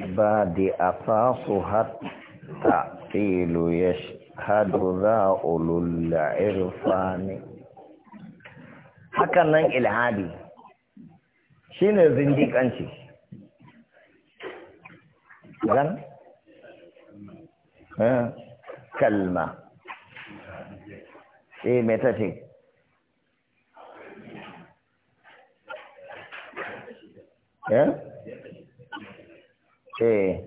بعد أفاصها التعطيل يشهد ذا أولو العرفان hakan nan ilhadi shine ne zindiƙanci gan kalma eh mai tafi eh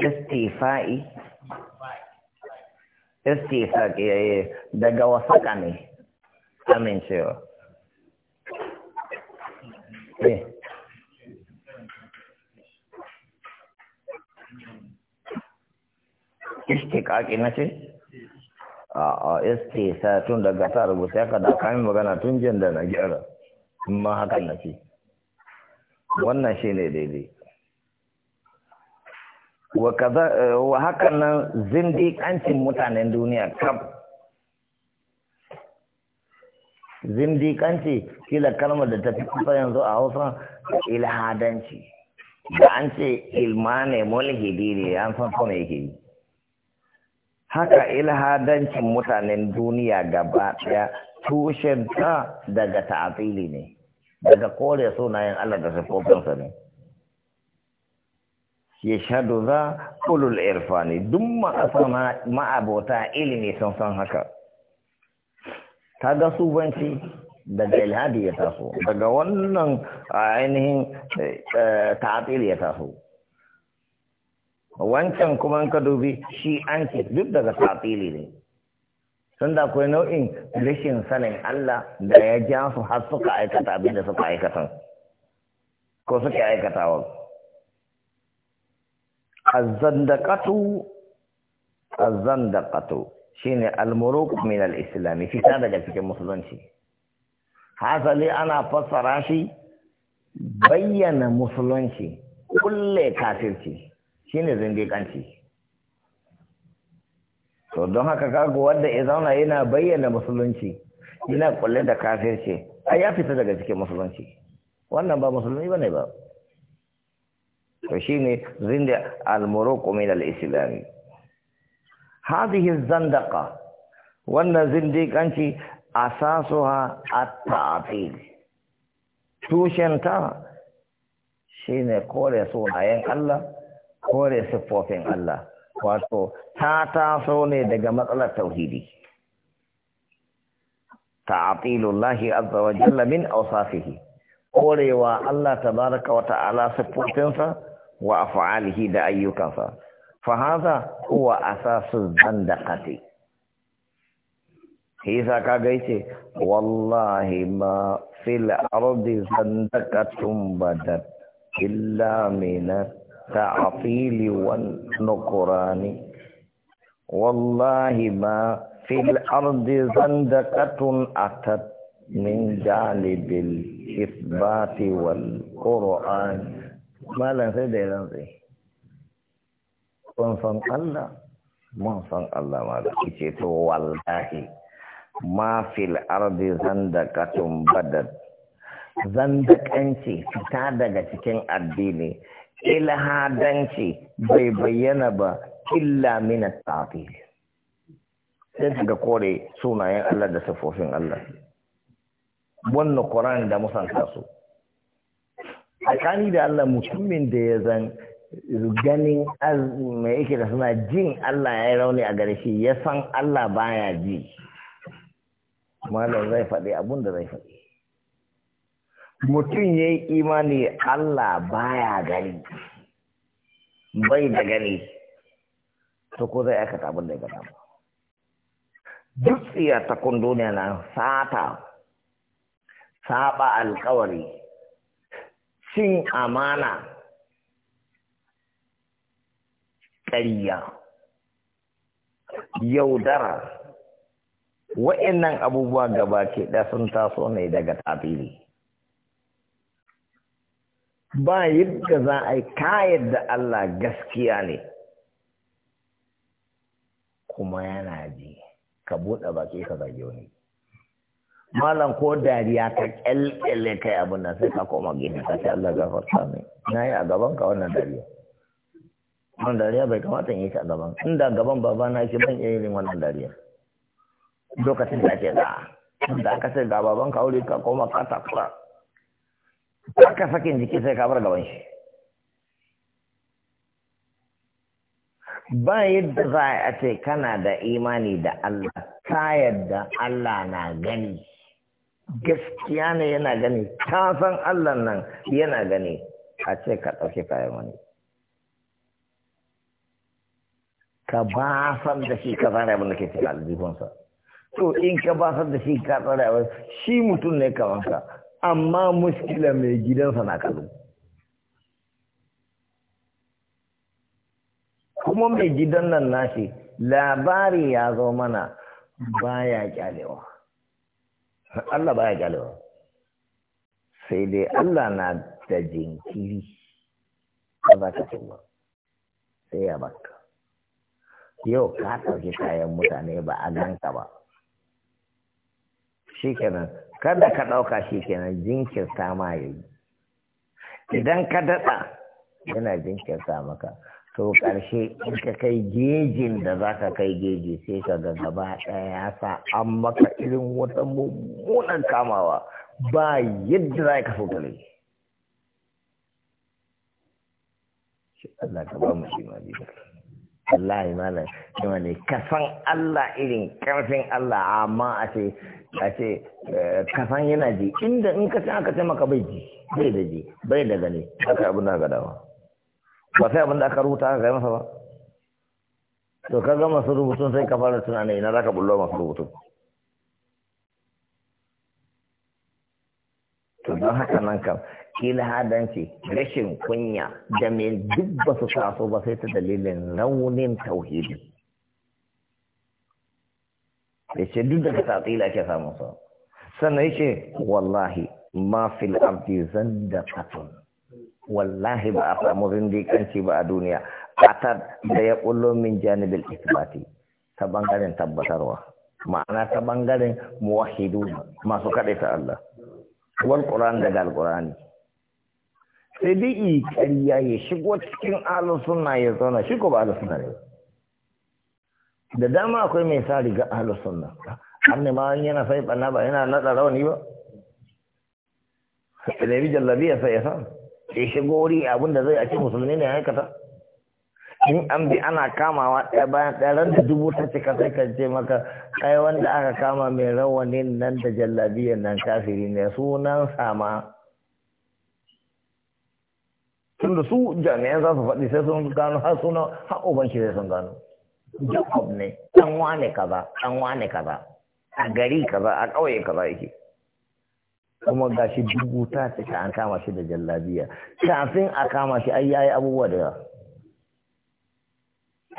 istifa'i istifaqi eh, daga wasaka ne amincewa eh istiqaqi na ce a a istifa tun daga ta rubuta ka da kamin magana tun jin da na gyara ma hakan nake wannan shine daidai wa kaza wa hakan nan zindiƙancin mutanen duniya zindi zindiƙanci kila kalmar da ta fi kusa yanzu a hausa ilhadanci da an ce ilma ne mulhidi ne an san ne yake yi haka ilhadancin mutanen duniya gaba ɗaya tushen ta daga ta'atili ne daga kore sunayen Allah da sifofinsa ne ya shaɗu za ulul irfani duk ma'abota ilimi sun san haka ta ga subanci daga ilhadi ya taso daga wannan ainihin eh, ta'atili ya taso wancan kuma ka dubi shi an ce duk daga ta'atili ne tun da akwai nau'in rashin sanin Allah da ya ja su har suka aikata abin da suka aikata ko suke aikatawa azzandaqatu azzandaqatu shine almuruq min alislam fita daga cikin musulunci hasali ana fassara shi bayyana musulunci kulle kafirci shine zindiƙanci to don haka kago wanda ya zauna yana bayyana musulunci yana kulle da kafirci ai ya fita daga cikin musulunci wannan ba musulmi bane ba to shine zinda al-muruq min al-islam hadhihi zandaqa wannan zindiƙanci asasuha at-ta'til tushenta shine kore sunayen Allah kore siffofin Allah wato ta taso ne daga matsalar tauhidi ta'atilullahi azza wa jalla min awsafihi korewa Allah tabaaraka wa ta'ala sifofinsa wa af'alihi da ayyukansa fa hadha huwa asasu zandaqati Isa ka gaice, wallahi ma fil ardi zandaqatum badat illa minat التعطيل والنكران والله ما في الأرض زندقة أتت من جانب الإثبات والقرآن ما لن سيدي لن سيدي kun san Allah mun san Allah ma da ce to wallahi ma fil ardi zandakatun badad zandakanci fita daga cikin addini ilhadanci bai bayyana ba illa min at sai ga kore sunayen Allah da sifofin Allah wannan Qur'ani da musanta su tsakani da Allah mutumin da ya zan ganin mai yake da suna jin Allah ya yi rauni a gare shi ya san Allah baya ji malam zai faɗi abun da zai faɗi mutum ya yi imani Allah baya gani bai da gani to ko zai aikata abin da ya gada ba duk tsiya ta duniya na sata saba alkawari cin amana ƙariya yaudara wa'annan abubuwa gaba ke sun taso ne daga tafili ba yadda za a yi kayar da Allah gaskiya ne kuma yana ji ka buɗe baki ka zage wani malam ko dariya ka kyalkyale kai abin nan sai ka koma gini ka ce Allah gafarta ne na yi a gaban ka wannan dariya wannan dariya bai kamata yi shi a gaban inda gaban baba na shi ban irin wannan dariya lokacin da ake da da aka ce ga baban ka wuri ka koma ka takura aka sakin jiki sai ka gaban shi ba yadda za a ce kana da imani da Allah ta yadda Allah na gani gaskiya ne yana gani ta san Allah nan yana gani a ce ka ɗauke kayan wani ka ba san da shi ka tsara abin da ke cika aljihunsa to in ka ba san da shi ka tsara abin shi mutum ne kamar ka amma muskila mai gidansa na kallo kuma mai gidan nan nashi labari ya zo mana baya kyalewa Allah baya kyalewa sai dai Allah na da jinkiri a baka ka ba sai ya baka yau ka ɗauki kayan mutane ba a ganka ba shi kenan kada ka ɗauka shi kenan jinkirta ma ya yi idan ka daɗa yana jinkirta maka to ƙarshe in ka kai gejin da za ka kai geji sai ka ga gaba ɗaya ya sa an maka irin wata mummunan kamawa ba yadda za ka fukule shi Allah ka ba mu imani wallahi ne ka san Allah irin ƙarfin Allah amma a ce a ce eh, kasan yana ji inda in ka san aka ce maka bai ji bai da ji bai da gani aka abin da gadawa ba sai abin da aka rubuta aka kai masa ba to ka ga masu rubutun sai ka fara tunanin ina zaka bullo masu rubutun to don haka nan kam kila hadanci rashin kunya da me duk ba su taso ba sai ta dalilin raunin tauhidi ya ce duk daga tatsila ke samun sa sannan ya ce wallahi ma fil abdi katun wallahi ba a samu zindikanci ba a duniya ta da ya kullo min janibil isbati ta bangaren tabbatarwa ma'ana ta bangaren muwahidu masu kaɗai ta Allah wal ƙuran daga alƙurani sai dai ƙarya ya shigo cikin alusunna sunna ya zauna shi ko ba alusunna ne da dama akwai mai sa riga ahlus sunna har ne ma yana sai ba yana nada rawani ba da bi ya sai ya sa ya shigo wuri abinda zai a musulmi ne ya aikata in an bi ana kamawa ɗaya bayan ɗaya ran da dubu ta cika sai kan ce maka kai wanda aka kama mai rawani nan da jallabiyan nan kafiri ne sunan sama tun da su jami'an za su faɗi sai sun gano har sunan har uban zai sun gano Jacob ne ɗan wane kaza ɗan ka kaza a gari kaza a ƙauye kaza yake kuma ga shi dubu ta cika an kama shi da jallabiya kafin a kama shi ai yayi abubuwa da yawa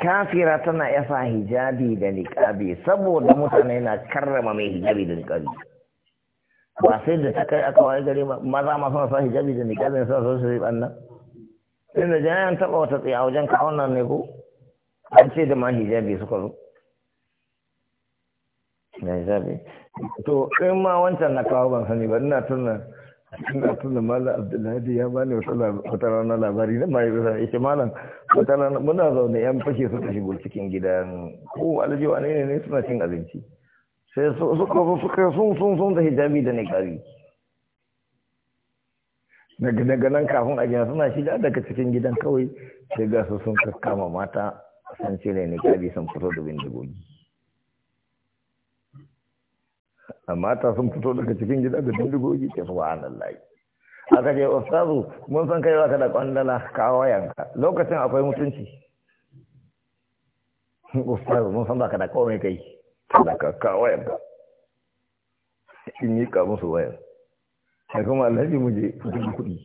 kafira tana yafa hijabi da niƙabi saboda mutane na karrama mai hijabi da niƙabi ba sai da ta kai aka wani gari maza ma suna sa hijabi da niƙabi suna so su yi ɓannan inda jami'an taɓa wata tsaye a wajen kawunan ne ko an ce da ma hijabi suka zo na hijabi to in ma wancan na kawo ban sani ba ina tuna ina tunna mala abdullahi ya bani wata rana labari na mai bisa ita malam wata rana muna zaune yan fashe suka shigo cikin gidan ko alaji wane ne ne suna cin abinci sai suka zo suka sun sun sun da hijabi da niqabi daga daga nan kafin a gina suna shiga daga cikin gidan kawai sai ga su sun kakkama mata sun ne nikabi sun fito da bindigogi amma ta sun fito daga cikin gida da bindigogi ke subhanallahi aka ce ustazu mun san kai zaka da kwandala ka wayanka lokacin akwai mutunci ustazu mun san baka da kome kai daga ka wayanka in yi kamusu musu wayar sai kuma alhaji mu je kudi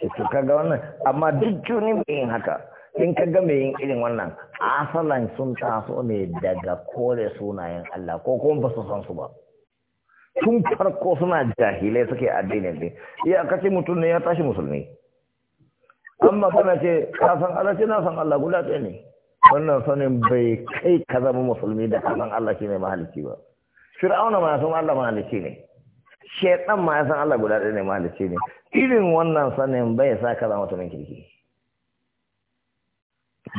Eh, to kaga wannan amma duk juni mai yin haka in ka ga mai yin irin wannan asalan sun taso ne daga kore sunayen Allah ko kuma ba su san su ba tun farko suna jahilai suke addinin ne, iya kace mutum ne ya tashi musulmi amma kana ce ka san Allah ce na san Allah guda ce ne wannan sanin bai kai ka zama musulmi da ka san Allah ne mahalicci ba fir'auna ma ya san Allah mahalicci ne Shaitan ma ya san Allah guda ɗaya ne mahalicci ne irin wannan sanin bai sa ka zama mutumin kirki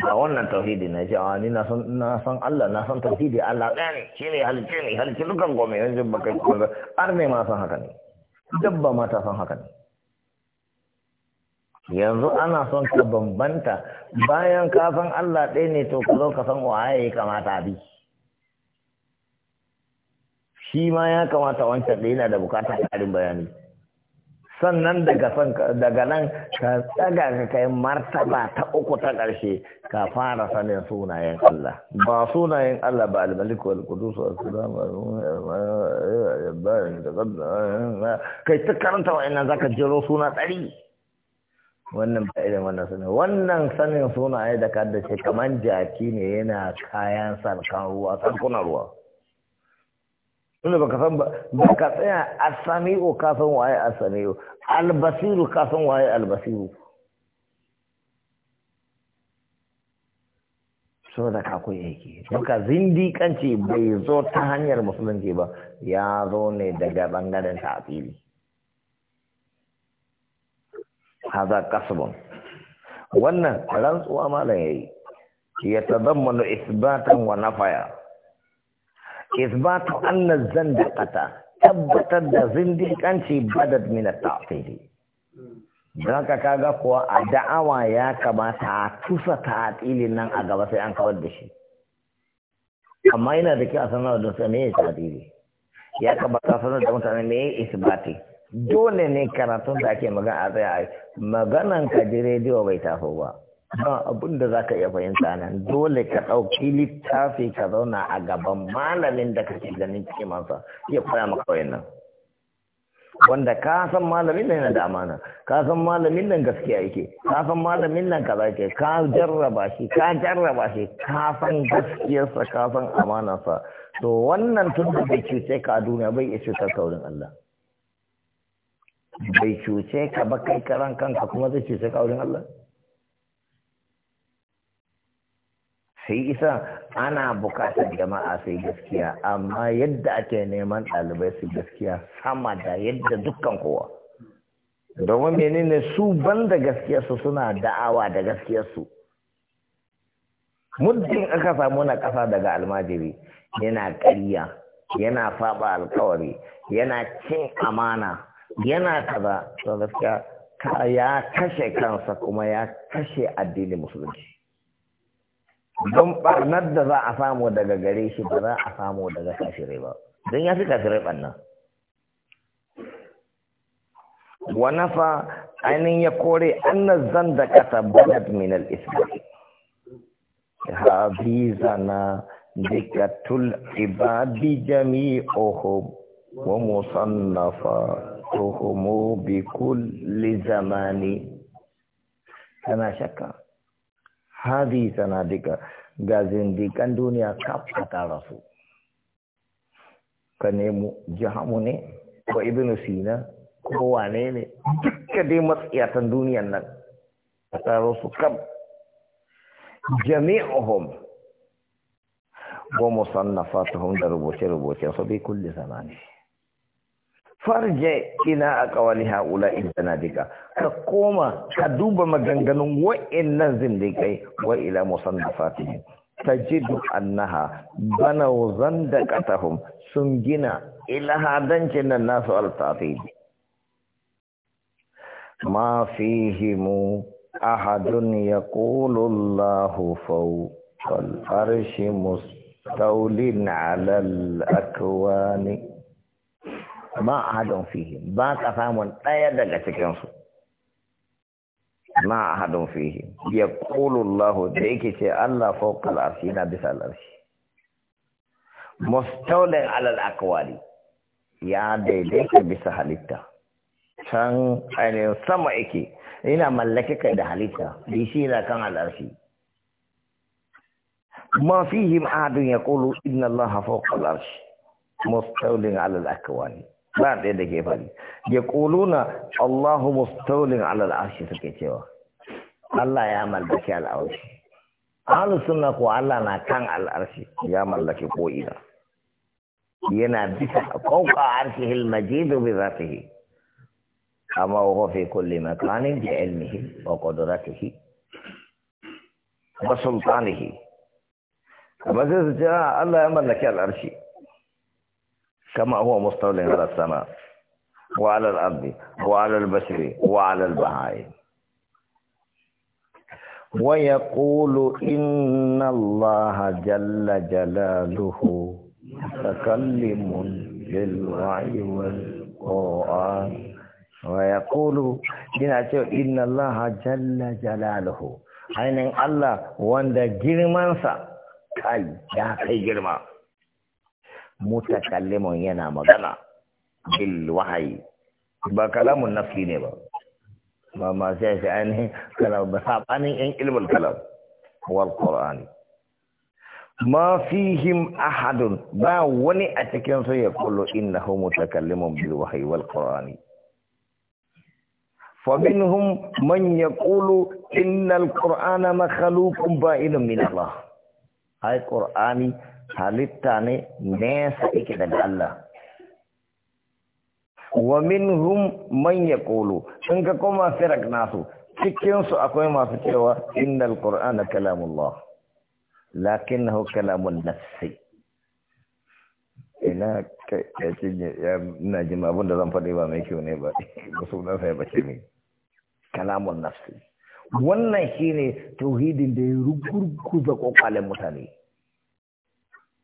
a wannan tauhidi na ce a ah, ni na san Allah na san tauhidi Allah ɗaya ne shi ne halicce ne halicce dukkan gome yanzu jin kai kuma ar ne ma san haka ne dabba ma ta san haka ne yanzu ana son ka bambanta bayan ka san Allah ɗaya ne to ku zo ka san waye ya kamata bi shi ma ya kamata wancan ɗaya na da bukatar ƙarin bayani sannan daga daga nan ka tsaga ka kai martaba ta uku ta ƙarshe ka fara sanin sunayen Allah ba sunayen Allah ba al-malik wal qudus wa salam kai ta karanta wa'annan zaka jiro suna ɗari wannan ba irin wannan suna wannan sanin sunaye da ka da shi kaman jaki ne yana kayan sarkan ruwa sarkunan ruwa tunda baka san ba baka tsaya asami'u samiu ka san waye a samiu albasiru ka san waye albasiru, so da ka koyi yake duka zindikanci bai zo ta hanyar musulunci ba ya zo ne daga bangaren ta fili haza kasbun wannan rantsuwa malam yayi ya tazammanu isbatan wa nafaya isbatu anna zandaqata tabbatar da zindikanci badad min at ka kaga kuwa a da'awa ya kamata a tusa ta'tilin nan a gaba sai an kawar da shi amma yana da kyau a sanar da su ne ya kamata sanar da mutane ne isbati dole ne karatun da ake magana a tsaya maganan ka ji rediyo bai taso ba ba abin da za ka iya fahimta nan dole ka ɗauki littafi ka zauna a gaban malamin da kake ganin kimansa ya koya maka nan. wanda ka san malamin nan yana da amana ka san malamin nan gaskiya yake ka san malamin nan kaza yake ka jarraba shi ka jarraba shi ka san gaskiyarsa ka san amanarsa to wannan tun da bai cuce ka a duniya bai iya cutar saurin Allah bai cuce ka ba kai karan kanka kuma zai cuce ka wurin Allah sai isa ana bukatar jama'a sai gaskiya amma yadda ake neman ɗalibai su gaskiya sama da yadda dukkan kowa domin menene su ban da gaskiyarsu suna da'awa da gaskiyarsu muddin aka samu na ƙasa daga almajiri yana ƙarya yana faɓa alkawari yana cin amana yana kaza to gaskiya ya kashe kansa kuma ya kashe addinin musulunci don barnar da za a samu daga gare shi ba za a samu daga kafirai ba don ya fi kafirai ɓanna wani fa ainihin ya kore annan zan da kasa banat minal islam habiza na dikatul ibadi jami'ohum wa musannafa tuhumu bi kulli zamani kana shakka hadi sanadika ga zindikan duniya kaf a tara su ka nemo jihamu ne ko ibnu sina ko wane ne duka dai matsiyatan duniyan nan a taro su kaf jami'uhum wa musannafatuhum da rubuce-rubuce su bi kulli zamani farje ina a kawali haula in zanadika ka koma ka duba maganganun wa'annan zindikai wa ila musannafatihim tajidu annaha da zandaqatahum sun gina ilahadancin nan nasu al ma fihimu ahadun ya Allahu fawqa al-arshi mustawlin al-akwani ma hadon fihi ba ka samun ɗaya daga cikinsu ma hadon fihi ya lahu da yake ce Allah fawqa al'arshi na bisa al'arshi mustawlin alal akwali ya daidaita bisa halitta can ainihin sama yake yana mallake kai da halitta da shi na kan al'arshi ma fihim ahadun kulu inna allaha fawqa al'arshi mustawlin alal akwali ba ɗaya da ke faɗi ya ƙuluna Allahu mustaulin alal al'arshi suke cewa Allah ya mallaki al'arshi ahlu sunna ko Allah na kan al'arshi ya mallaki ko ina yana bisa a arshi hil majidu bi zatihi amma wa fi kulli makanin bi ilmihi wa qudratihi wa sultanihi amma sai su ce ah, Allah ya mallaki al'arshi كما هو مستولى على السماء وعلى الأرض وعلى البشر وعلى البهائم ويقول إن الله جل جلاله متكلم بالوعي والقرآن ويقول إن الله جل جلاله ainihin Allah wanda girmansa kai يا kai girma متكلمون ينا مغانا بالوحي با كلام النفس ني با ما ما سيس ان يعني كلام بصاباني ان علم الكلام هو القران ما فيهم احد با وني اتكن سو يقول انه متكلم بالوحي والقران فمنهم من يقول ان القران مخلوق با من الله هاي قراني halitta ne nesa yake daga Allah wa minhum man yaqulu in ka koma firak nasu cikin su akwai masu cewa innal qur'ana kalamullah lakinnahu kalamun nafsi ina kai cinye ya ina jima abin da zan faɗi ba mai kyau ne ba ba sunan sai ba ne kalamun nafsi wannan shine tauhidin da ya rugurguza kokalin mutane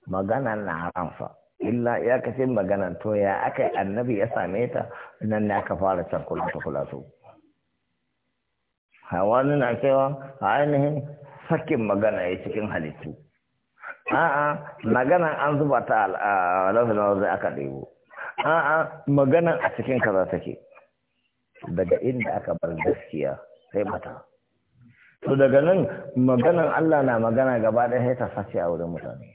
magana na ranfa illa ya kace maganan to ya aka annabi ya same ta nan ne aka fara cakulan ta kula su hawani na cewa ainihin sakin magana ya cikin halittu a'a maganan an zuba ta al'adar wanzu aka ɗebo a'a maganan a cikin kaza take daga inda aka bar gaskiya sai mata to daga nan maganan Allah na magana gaba ɗaya sai ta sace a wurin mutane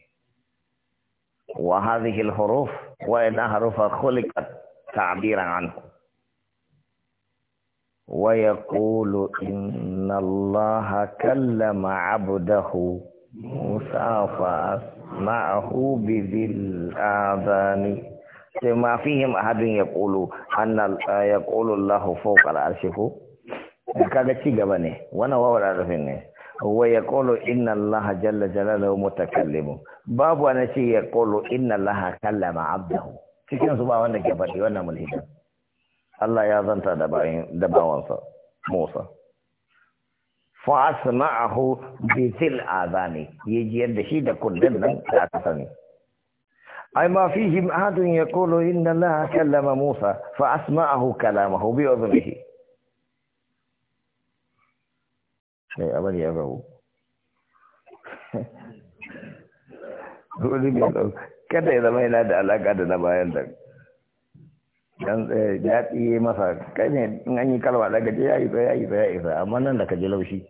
وهذه الحروف وإن أحرف خلقت تعبيرا عنه ويقول إن الله كلم عبده موسى فأسمعه بذي الآذان ما فيهم أحد يقول أن يقول الله فوق العرش كذا شيء بني وأنا وأول عرفني ويقول إن الله جل جلاله متكلم باب أنا شيء يقول إن الله كلم عبده تكين سبا وانك يفاتي وانا ملحبا الله يا ظنطا دبا وانسا موسى فأسمعه بذي الآذان يجي يدشي دكول لنا تأتسني أما فيهم أحد يقول إن الله كلم موسى فأسمعه كلامه بأذنه sai a bari ya rabu kada ya zama yana da alaƙa da na bayan da dan eh, ya tsiye masa kai ne in an yi kalwa daga ya isa ya isa ya isa amma nan da ka ji laushi